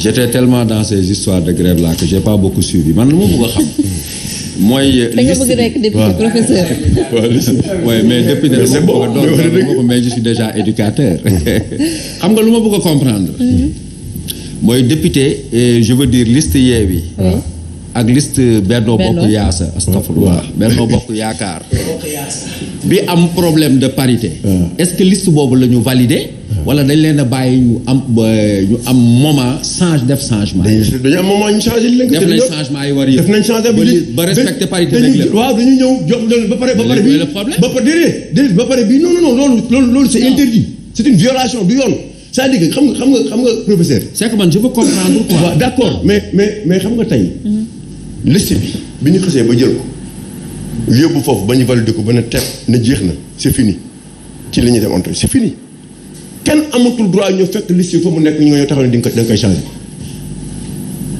chose mhm. que dans ces histoires de grève là que j'ai lu ma bëgg a xam. mooy da nga professeur. mais depuis de ma bëgg nga lu ma bëgg a comprendre. Mhm. mooy député je veux ah. ak list Benno Bokk Yaasa. astafurlah bi am problème de parité. est-ce que list boobu lañu ñu validé. wala dañ leen a bàyyi ñu am ñu am moment change def changement. dañu am moment ñu changé léegi. def nañ changement yi war yëpp def nañ changé ba respecté parité rek waaw dañu ñëw jox leen ba pare ba pare bii ba pare déedéet déedéet ba pare bii non non non loolu loolu loolu c'est interdit c'est une violation du yoon c'est-à-dire que xam nga xam nga xam nga professeur. c'est que man je veux comprendre quoi. waaw d'accord mais mais mais xam nga tey. liste bi bi ñu xasee ba jël ko. yóbbu foofu ba ñu validé ko ba ne teg na jeex na c'est fini ci li ñu demoon tey c'est fini. kenn amatul droit ñu fekk liste yi mu nekk ñu nga ñoo taxaw ne di nga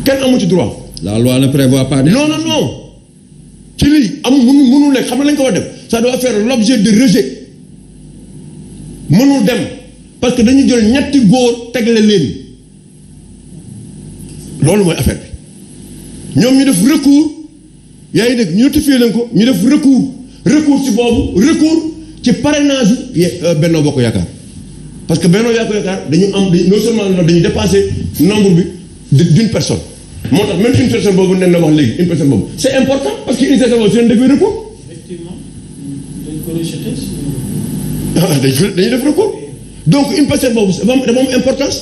kenn amu ci droit. la loi ne prévoit pas. non non non ci lii am mënu mënul nekk xam na lañ ko war def ça doit faire l' de rejet mënul dem parce que dañu jël ñetti góor tegle leen loolu mooy affaire bi ñoom ñu def recours yaa ngi dégg ñu fii leen ko ñu def recours recours ci boobu recours ci parrainage yi euh, Benno Bokk Yaakaar. parce que Benno Bokk Yaakaar dañu am non seulement dañu dépassé nombre bi d'une personne moo tax même une personne boobu nen na wax léegi une personne boobu c'est important parce que une personne boobu seen ko ah, ah, def recours donc une personne boobu dafa am importance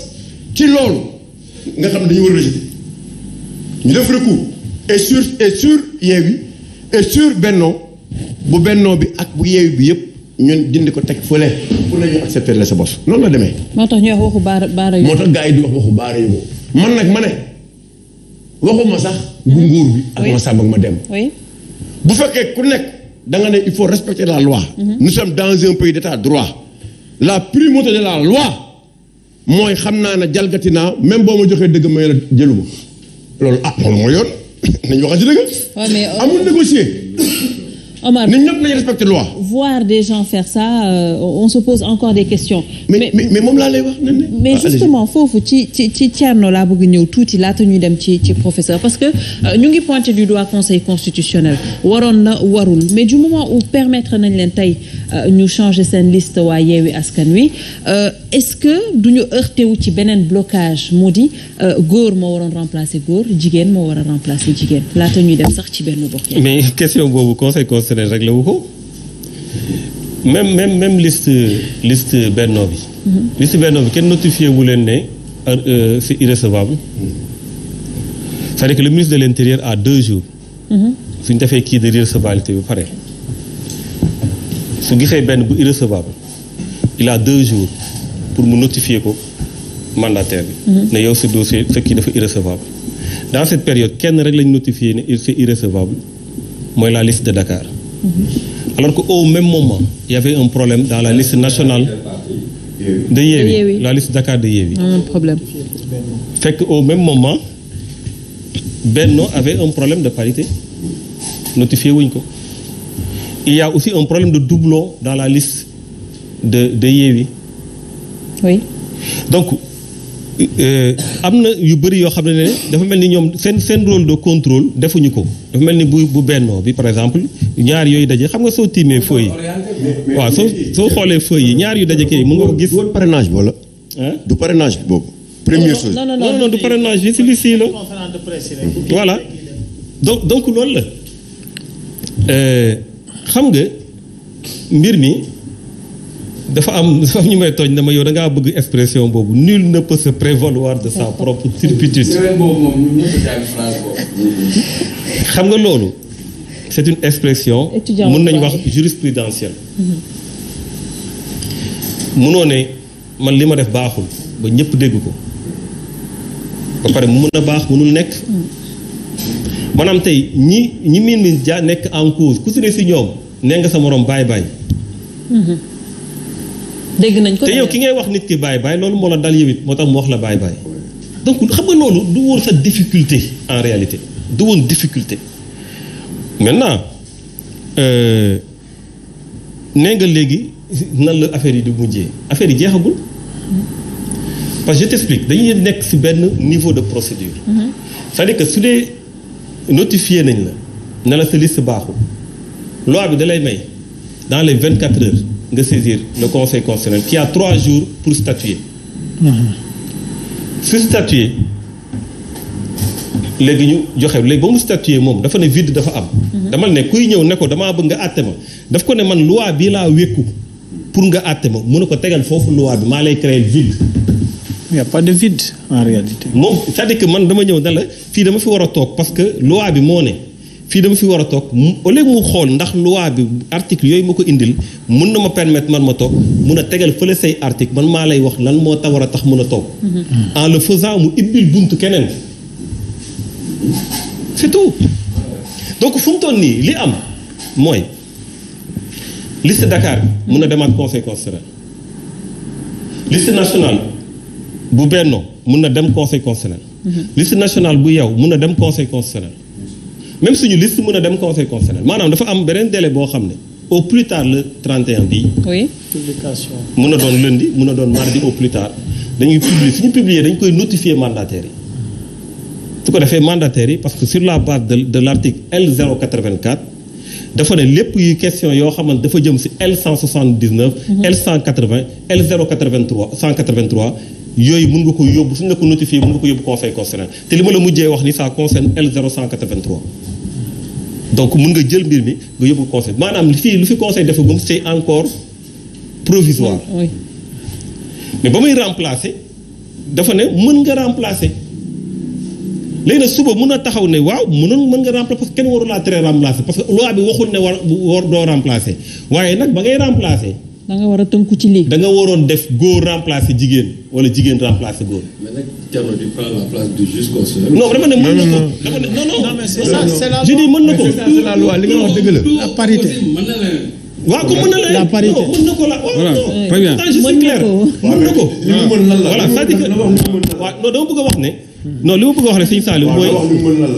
ci loolu nga xam ne dañu war a ñu def recours et sur et sur Yewwi et sur bu Benno bi ak bu Yewwi bi yëpp ñun dindi ko teg fële ku ne ñu accepter la sa bos noonu la demee. moo tax ñu wax waxu baara baara moo tax gars di wax waxu baara yu man nag ma ne waxuma sax. bu nguur bi ak ma sàmm ak ma dem. bu fekkee ku nekk da nga ne il faut respecter la loi. Mhm. nous sommes dans un pays d'état droit. la primauté de la loi mooy xam naa ne jalgati naa même boo ma joxee dëgg may la ah, yoon nañu waxal euh, ci Omar ñun ñëpp nañu respecté loi. voir des gens faire ça euh, on se pose encore des questions. mais mais mais moom laa lay wax. mais ah, justement foofu ci ci ci Thierno laa bëgg ñëw tuuti laata ñuy dem ci ci professeur parce que euh, ñu ngi pointé du doigt conseil constitutionnel waroon na warul mais du moment permettre nañ leen tey euh, ñu changer seen liste waa Yewwi Askan Wi euh, est-ce que du ñu heurté wu ci beneen blocage moo di góor moo waroon remplacer góor jigéen moo war a remplacer jigéen laata ñuy dem sax ci benn bokk. mais question boobu conseil constitutionnel constitutionnel réglé wu ko même même même liste liste bi. Mm-hmm. liste bennoo bi kenn notifié wu leen ne euh, euh, c'est irrecevable. c'est-à-dire que le ministre de l'intérieur a deux mm-hmm. suñ defee kii de irrecevabilité bi pare. su gisee benn bu irrecevable il a deux jours pour mu notifier ko mandataire bi. Mm-hmm. ne yow sa dossier sa kii dafa irrecevable. dans cette période kenn rek lañ notifié ne c'est irrecevable mooy la liste de Dakar. alors qu'au même moment il y avait problème dans la liste nationale de Yewwi la liste Dakar de Yewwi fekk au même moment Benno avait un problème de parité notifié wuñ ko il y a aussi un problème de doublon dans la liste de de donc Euh, am na yu bëri yoo xam ne ne dafa mel ni ñoom seen seen rôle de contrôle defuñu ko dafa mel ni bu bu bennoo bi par exemple ñaar yooyu daje xam nga soo tiimee feuille yi waaw soo soo xoolee feuille yi ñaar yu daje kay mu nga ko gis. du parrainage bi wala. du parrainage bi boobu. première chose non non non du parrainage bi si li sii la. voilà donc donc loolu la euh, xam nga mbir mi. dafa am dafa am ñu may tooñ dama yow da ngaa bëgg expression boobu nul ne peut se prévaloir de sa propre turpitude. xam nga loolu. c'est une expression. mën nañu wax jurisprudentielle. mënoo mm-hmm. ne man li ma def baaxul ba ñëpp dégg ko. ba pare mu mën a baax mënul nekk. Mm-hmm. maanaam tey ñi ñi miin miin ja nekk en cause ku si ne si ñoom nee nga sa moroom baay baay mm-hmm. dégg nañ ko te yow ki ngay wax nit ki bàyyi bàyyi loolu moo la dal yow it moo tax mu wax la bàyyi bàyyi donc xam nga loolu du woon sa difficulté en réalité du woon difficulté maintenant euh, nee nga léegi nan la affaire yi di mujjee affaire yi jeexagul parce que je t'explique dañuy nekk ci benn niveau de procédure mm-hmm. cest à que su dee notifié nañ la ne la sa liste baaxul loi bi da lay may dans les vingt quatre heures nga saisir le conseil constitutionnel qui a trois jours pour statuer. Uh-huh. su statuer léegi ñu joxe léegi ba mu statuer moom dafa ne vide dafa am. Uh-huh. dama ne kuy ñëw ne ko damaa bëgg nga àtte ma daf ko ne man loi bi laa wékku pour nga àtte ma mu ne ko tegal foofu luwaa bi maa lay créer vide. y' a pas de vide en réalité. moom sa à man dama ñëw ne la fii dama fi war a toog parce que loi bi moo ne. fii dama fi war a toog mu au lieu mu xool ndax loi bi article yooyu ma ko indil mun na ma permettre man ma toog mun a tegal fële say article man maa lay wax nan moo tawar a tax mun a toog. Mm-hmm. en le faisant mu ibbil buntu keneen. c'est tout donc fu mu nii li am mooy list Dakar mun a demaat conseil constitutionnel liste nationale bu Benno mun na dem conseil constitutionnel. Mm-hmm. liste nationale bu yow mun na dem conseil constitutionnel. même suñu list mën a dem conseil constitutionnel maanaam dafa am beneen délai boo xam ne au plus tard le 31 bii. oui publication. mën a doon lundi mën a doon mardi au plus tard dañuy publier suñu publier dañ koy notifier mandataires yi su ko defee mandataires yi parce que sur la base de de l' article L 084 dafa ne lépp yu question yoo xamante dafa jëm si L 179. Mhm. L 180 L 083 183. yooyu mën nga ko yóbbu suñ la ko notifié mën nga ko yóbbu conseil constitutionnel te li ma la mujjee wax ni donc mun nga jël mbir mi nga yóbbu conseil maanaam fii lu fi conseil defagum c' est encore provisoire. mais ba muy remplacer dafa ne mën nga remplacer léegi nag suba mun a taxaw ne waaw mënoon mën nga remplacer parce que kenn warulaa tere remplacer parce que loi bi waxul ne war war doo remplacer waaye nag ba ngay remplacer. da war a tënku ci lii. danga waroon def góor remplacer jigéen wala jigéen remplacer góor. mais nag Thierno la place ne mën na ko. dafa ne non non. non na ko. c'est li nga wax dëgg la. parité. mën na la. waaw ko mën na la la parité ko la voilà très bien je na ko voilà c'est-à-dire que dama bëgg wax ne no li ma bëgg a wax rek sëñ mooy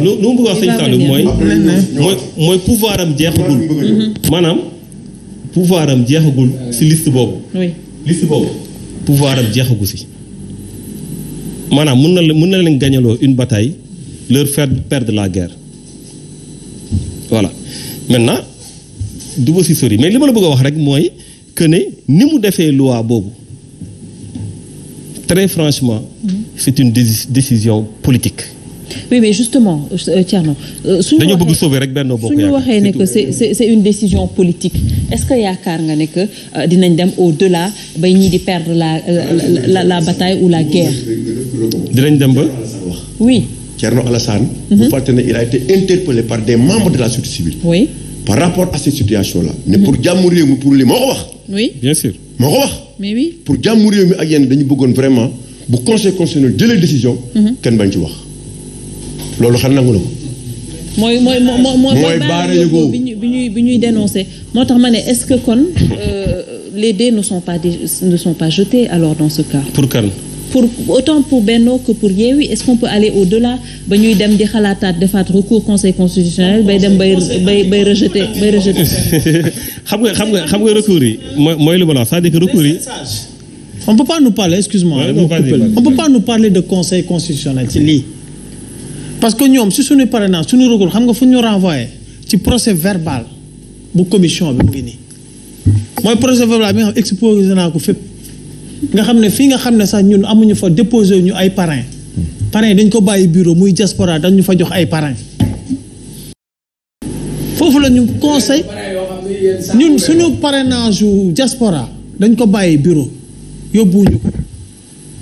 li ma bëgg a wax sëñ Saliou mooy mooy pouvoir am jeexagul mhm. maanaam pouvoir am jeexagul si liste boobu. oui liste boobu pouvoir am jeexagu si. maanaam mun na la mun na leen gañaloo une bataille leur faire perdre la guerre voilà maintenant du ba si sori mais li ma la bëgg a wax rek mooy que ni mu defee loi boobu très franchement mm-hmm. c'est une décision politique oui mais justement euh, euh, Thierno. Euh, suñu dañoo bëgg sauver rek benn bokk suñu waxee ne c'est une décision politique est-ce que yaakaar nga ne que dinañ dem au-delà bay ñii di perdre la la la bataille ou la guerre. dinañ dem ba. oui. Thierno Alassane. bu mhm. fàtte ne il a été interpellé par des membres de la société civile. oui. par rapport à cette situation la ne pour jàmm réew mi pour li moo ko wax. oui bien sûr. moo ko wax. mais oui pour jàmm réew mi ak yenn dañu bëggoon vraiment bu conseil constitutionnel jëlee décision. Mhm. kenn bañ loolu xam nangu na ko. mooy mooy bi ñuy bi ñuy dénoncé moo tax ma ne est-ce que kon euh, les dés ne sont pas ne sont pas jetés alors dans ce cas. pour kan. pour autant pour Benno que pour Yewwi est-ce qu'on peut aller au-delà ba ñuy dem di xalaataat defaat recours conseil constitutionnel bay dem bay bay bay rejeté bay rejeté. xam nga xam nga xam nga recours mooy mooy lu ma la wax c'est-à-dire que recours yi. nous parler de conseil constitutionnel ci lii. parce que ñoom si suñu parrainage suñu recours xam nga fu ñu renvoyé ci procès verbal bu commission bi mu ngi nii mooy procès verbal bi nga xam exposé naa ko fépp nga xam ne fii nga xam ne sax ñun amuñu fa déposé ñu ay parrain parrain dañ ko bàyyi bureau muy diaspora dañ ñu fa jox ay parrain foofu lañu ñu conseil ñun suñu parrainage yu dañ ko bàyyi bureau yóbbuwuñu ko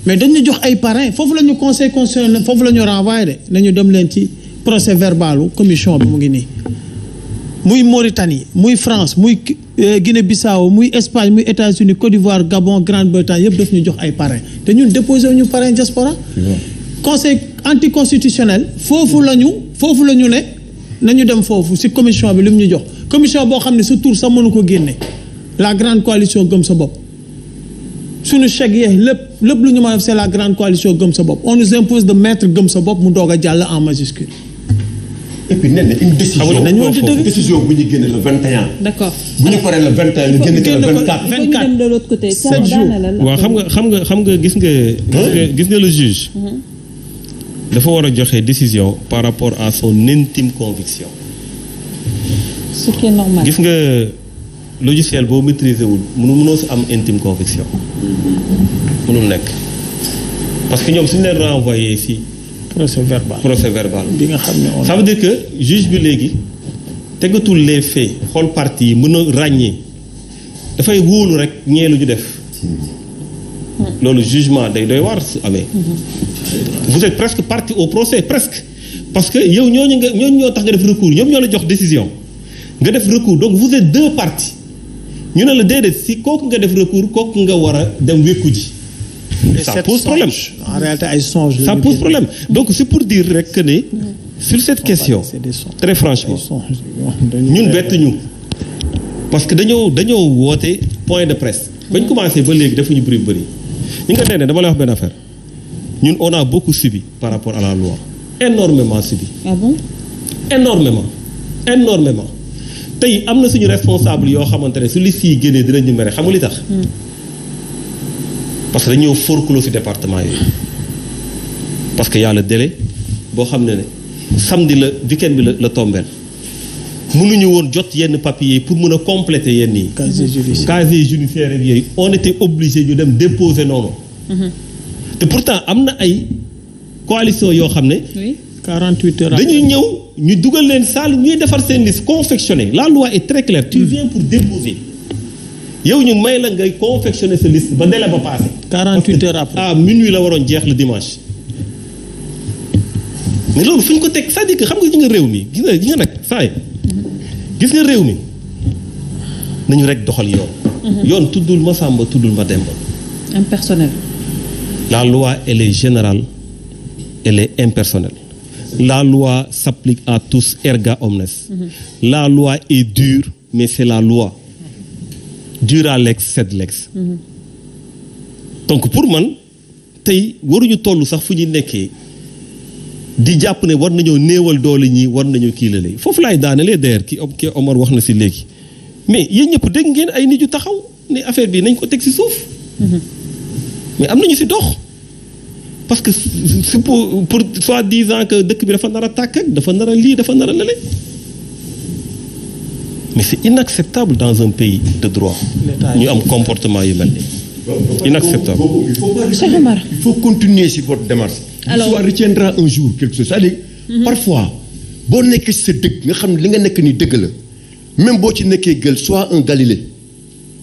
mais dañu jox ay parrain foofu la ñu conseil constitutionnel foofu la ñu renvoyé dem leen ci procès verbalu commission bi mu ngi nii muy Mauritanie muy France muy euh, Guinée Bissau muy Espagne muy États-Unis Côte d'Ivoire Grande-Bretagne yëpp daf ñu jox ay parrain te ñun déposé ñu parrain diaspora conseil anticonstitutionnel foofu la ñu foofu la ñu ne nañu dem foofu si commission bi li ñu jox commission boo xam ne sa tur sax mënu ko génne la grande coalition gëm sa bopp suñu chèque yeeg lépp lépp lu ñu mën a la grande coalition gëm sa bopp on nous impose de mettre gëm sa bopp mu doog a jàll en majuscule. et puis na une décision. une décision bu ñu génne le 21. d'accord bu ñu paree le 21 ñu génne le 24. 24 xam nga xam nga xam nga gis nga. gis nga le mhm. dafa war a joxe décision par rapport à son intime conviction. ce qui gis nga. logiciel boo maîtriser wul mënu mënoo si am intime conviction mu nekk parce que ñoom suñu leen renvoyé si procès verbal procès verbal bi nga xam ne ça dire que juge bi léegi tegatul les faits xool parti yi mën ràññee dafay wóolu rek ñee lu ñu def loolu jugement day doy waar su amee vous êtes presque parti au procès presque parce que yow ñooñu nga ñooñu ñoo tax nga def recours ñoom ñoo la jox décision nga def recours donc vous êtes deux parties ñu ne la déedéet si kooku nga def recours kook nga war a dem wékku ji. ça pose problème en réalité ay songe ça pose donc c'est pour dire rek que ne sur cette ah, question très franchement ñun bett ñu parce que dañoo dañoo woote point de presse bañ commencé ba léegi defuñu bëri bëri ñu nga nee ne dama lay wax benn affaire ñun on a beaucoup subi par rapport à la loi énormément subi ah bon énormément énormément tey am na suñu responsable yoo xamante ne su liste yi génnee dinañu mere xamul li tax. Hmm. parce que dañoo forclos ci département yooyu parce que y a boo xam ne ne samedi la weekend bi la la tombeel mënuñu woon jot yenn papier pour mun a compléter yenn yi. casier hmm. judiciaire casier judiciaire yooyu on était obligé ñu dem déposer noonu. Hmm. te pourtant am na ay coalition yoo xam ne. 48 heures dañuy ñëw ñu dugal leen salle ñuy defar seen liste confectionner la loi est très claire hmm. yow ñu may la ngay confectionner sa liste ba délai ba passé. 48 heures après ah minuit la waroon jeex le dimanche. loolu fu ko teg cest à xam nga gis réew mi gis nga gis nga nag saa réew mi nañu rek doxal yoon. Hmm. yoon ma Samba tuddul ma Demba. impersonnel. la loi elle est générale elle est impersonnelle. La loi s'applique à tous, erga omnes. Mhm. La loi est dure, mais c'est la loi. Dura lex sed lex. Mhm. donc pour man tey waruñu toll sax fu ñuy nekkee di jàpp ne war nañoo néewal doole ñi war nañoo kii la léegi foofu laay daanelee d'ailleurs ki ki Omar wax na si léegi mais yéen ñëpp dégg ngeen ay nit yu taxaw ne affaire bii nañ ko teg si suuf. Mhm. mais am nañu si dox. parce que su pour pour soi-disant que dëkk bi dafa nar a tàkk dafa nara lii dafa nar a lële mais c'est inacceptable dans un pays de droit. ñu am comportement yi mel nii. inacceptable. il faut pas il faut continuer si votre démarche. alors l'histoire jour quelque chose cest mhm. à boo nekkee si sa nga xam li nga nekk nii dëgg la boo ci nekkee gël soit un Galilée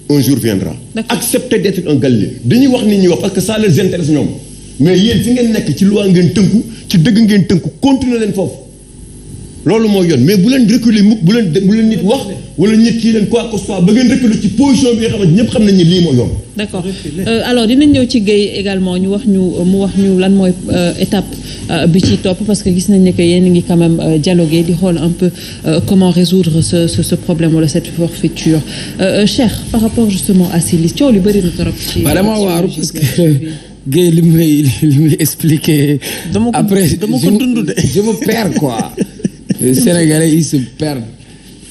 un jour viendra. accepter d'être un Galilée dañuy wax ni ñuy wax parce que ça les intéresse ñoom. mais yéen fi ngeen nekk ci loi ngeen tënku ci dëgg ngeen tënku continuer leen foofu loolu mooy yoon mais bu leen reculer mukk bu leen bu leen nit wax wala nit kii leen quoi que ce soit ba ngeen reculer ci position bi nga xamante ñëpp xam nañ ni lii mooy yoon. d' accord euh, dinañ ñëw ci Guèye également ñu wax ñu mu wax ñu lan mooy euh, étape euh, bi ci topp parce que gis nañ ne que yéen ngi quand même euh, dialogué di xool un peu euh, comment résoudre ce ce, ce problème wala cette forfaiture Cheikh rapport justement à ces listes coow bëri na trop. ci waaru parce que. Guèye li muy li muy expliqué. dama ko après je me perds quoi. Sénégalais yi se perdent.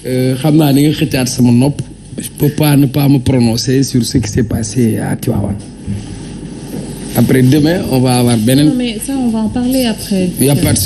Euh, xam naa ni nga xëccaat sama nopp. je peux pas ne pas me prononcer sur ce qui s'est passé à Tivaouane. après demain on va avoir beneen. non mais a